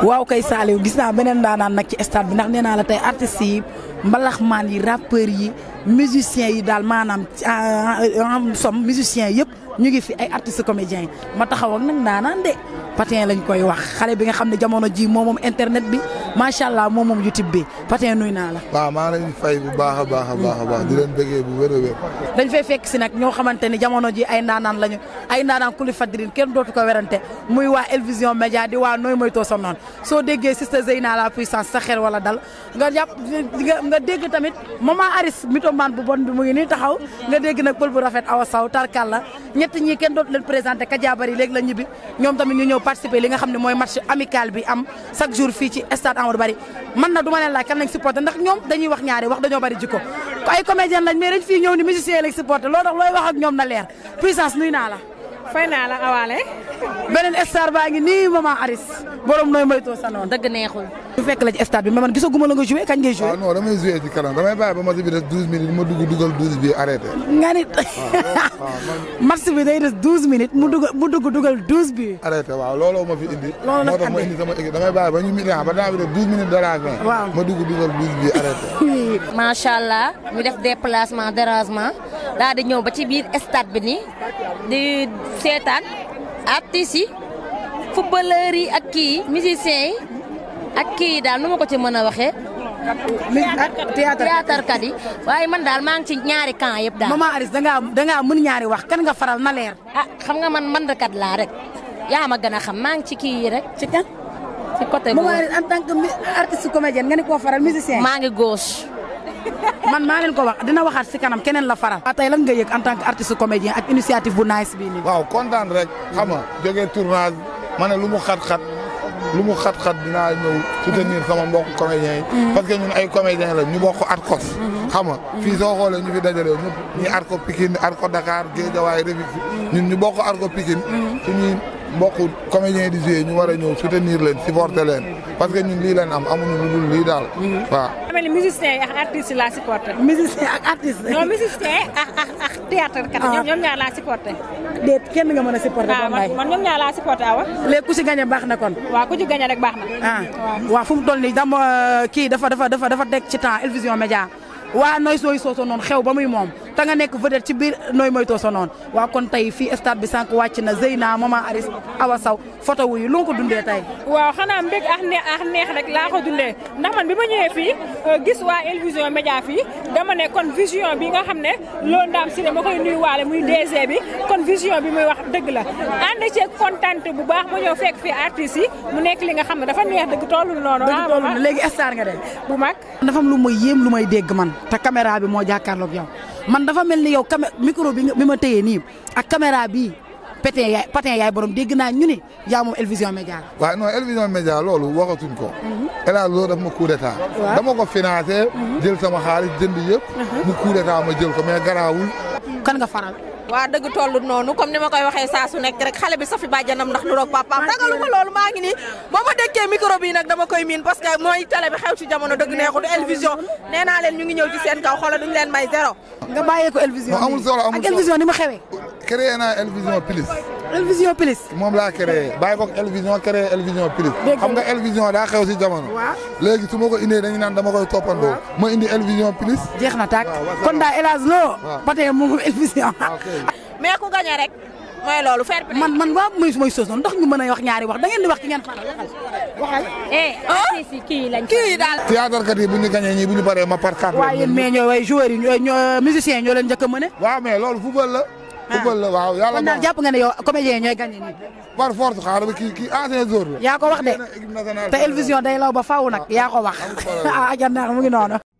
waaw kay Saliou gis naa beneen daanaan nag ci stade bi ndax nee naa la tey artistes yi mbalaxmaan yi rappeurs yi musiciens yi daal maanaam ah, ah, en somme musiciens yëpp ñu ngi fi ay artistes comédiens yi ma taxaw ak nag daanaan de patin lañ koy wax xale bi nga xam ne jamono ji moom moom internet bi macha allah moom moom YouTube bi. Patin nuy naa la. waaw maa ngi leen fay bu baax a baax a baax a baax di leen bëggee bu wér a wér. dañ fay fekk si nag ñoo xamante ni jamono ji ay ndaanaan lañu ay ndaanaan kuli fadirin kenn dootu ko werante muy waa Elvision Média di waa nooy moytoo sa noonu soo déggee Sister Zeyna la puissance sa xel wala dal nga jàpp nga dégg tamit maman Aris mythomane bu bon bi mu ngi nii taxaw nga dégg na pël bu rafet awa saw tarkal la ñett ñi kenn dootu leen présenté Kajaabari léegi la ñibbi ñoom tamit ñu ñëw participer li nga xam ne mooy match amical bi am chaque fii ci stade Amadou kan lañ supporté ndax ñoom dañuy wax ñaari wax dañoo bari jikko ko ay comédien lañ mais dañ fii ñëw ni musicien lañ supporté loolu tax looy wax ñoom na leer puissance nuy naa la fay naa la awaale beneen star baa ngi nii maman Aris borom nooy moytoo sa noonu dëgg neexul ñu fekk la ci stade bi mais man gisaguma la nga joué kañ ngay joué. waaw non damay joué ci kanam damay bàyyi ba match bi des douze minutes ma dugg dugal douze bi arrêté. nga nit match bi day des douze minutes mu dugg mu dugg dugal douze bi. arrêté waaw looloo ma fi indi. looloo la fi andi moo tax ma indi sama équipe damay bàyyi ba ñu miliyaar ah, ba daa bi des douze minutes de la fin. waaw ma dugg dugal douze bi arrêté. macha allah ñu def déplacement dérangement daal di ñëw ba ci biir stade bi nii di seetaan artistes yi footballeurs yi ak kii musiciens yi. ak kii daal nu ma ko ci mën a waxee théâtre kat yi waaye man daal maa ngi ci ñaari camp yëpp daal maman Aris dangaa dangaa mën ñaari wax kan nga faral na leer ah xam nga man man kat laa rek yaa ma gën a xam maa ngi ci kii yi rek ci kan ci côté maman Aris en tant que artiste comédienne nga ni koo faral musicien maa ngi gauche man maa leen ko wax dina waxaat si kanam keneen la faral tey lan nga yëg en tant que artiste comédien ak initiative bu nice bii nii waaw kontaan rek xam nga jógee tournage ma ne lu mu xat-xat lu mu xat-xat dinaa ñëw soutenir sama mbokk comédiens yi mm-hmm. parce que ñun ay comédiens la ñu bokk Arcos mm-hmm. xam nga mm-hmm. fii soo xoolee ñu fi dajaloo ñëpp ñii Arco Pikine Arco Dakar Guédiawaye Rufisque ñun ñu bokk Arco Pikine suñuy mbokk comédiens di jouer ñu war a ñëw soutenir leen leen parce que ñun lii leen am amuñu lu dul lii daal waaw. xamee ne musicien yi ak artiste la supporter musicien ak théâtre kat ñoom ñaar laa supporté déet kenn nga mën a supporté ah, man ñoom ñaar laa supporté awa léegi ku ci gagné baax na kon waa ku ci gagné rek baax na ah waaw fu mu toll nii dama kii dafa dafa dafa dafa teg ci temps El Vision waa nooy sooy sooso noonu xew ba muy moom ta nga nekk vedette ci biir nooy moytoo sa noonu waaw kon tey fii stade bi sànq wàcc na Zeyna maman Aris Awa Saw foto wuyu lu nga ko dundee tey waaw xanaa mbég ak neex ah neex rek laa ko dundee ndax man bi ma ñëwee fii euh, gis waa illusion Média fii dama ne kon vision bi nga xam ne loolu ndaam si ne ma koy nuyu waale muy DG bi kon vision bi muy wax dëgg la ànd ci contente bu baax ma ñëw fekk fii artistes yi mu nekk li nga xam ne dafa neex dëgg tollul noonu ah, léegi star nga de bu mag dafa am lu may yéem lu may dégg man te caméra bi moo jàkkaarloog yow man dafa mel ni yow cam micro bi bi ma téyee nii ak caméra bii patin yaay patin yaay borom dégg naa ñu ne yaa moom Elvision Média la. waaw non Elvision Média loolu waxatuñ ko. Mhm. El Hadj loolu daf ma coup d'état. dama ko financé. Mhm. jël sama xaalis jënd yëpp. mu coup d'état ma jël ko mais garaawul. kan nga faral. waa dëgg tollu noonu comme ni ma koy waxee saa nekk rek xale bi safi bàjjanam ndax nu roog papaam tagalu ma loolu maa ngi nii boo ma dëkkee micro bi nag dama koy miin parce que mooy télé bi xew ci jamono dëgg neexut Elvision nee naa leen ñu ngi ñëw ci seen kaw xoola duñu leen may zéro nga bàyyee ko Elvision amul solo amul solo ak xewee créé naa Elvision Elvision Plus. moom laa créé bàyyi ko Elvision créé Elvision Plus. xam nga Elvision daa xew si jamono. léegi su ko indee dañu naan dama koy toppandoo. ma indi Elvision Plus. jeex na tàkk kon daa hélas loo. ba tey moom Elvision. Ah, mais ku gagné rek. mooy loolu man man waaw mooy mooy soos noonu ndax ñu mën a wax ñaari wax da ngeen di wax ci ngeen faral waxal waxal. eh, eh ah. Ah. si kii lañ. kii daal. théâtre kat yi bu ñu gañee ñii ma par waaye yéen mais ñooy joueurs ñooy musiciens ñoo leen a football la waaw yàlla kon daal jàpp nga ne yow comédien ñooy gagné nii. par force xaaral ba kii kii ancien joueur la. yaa ko wax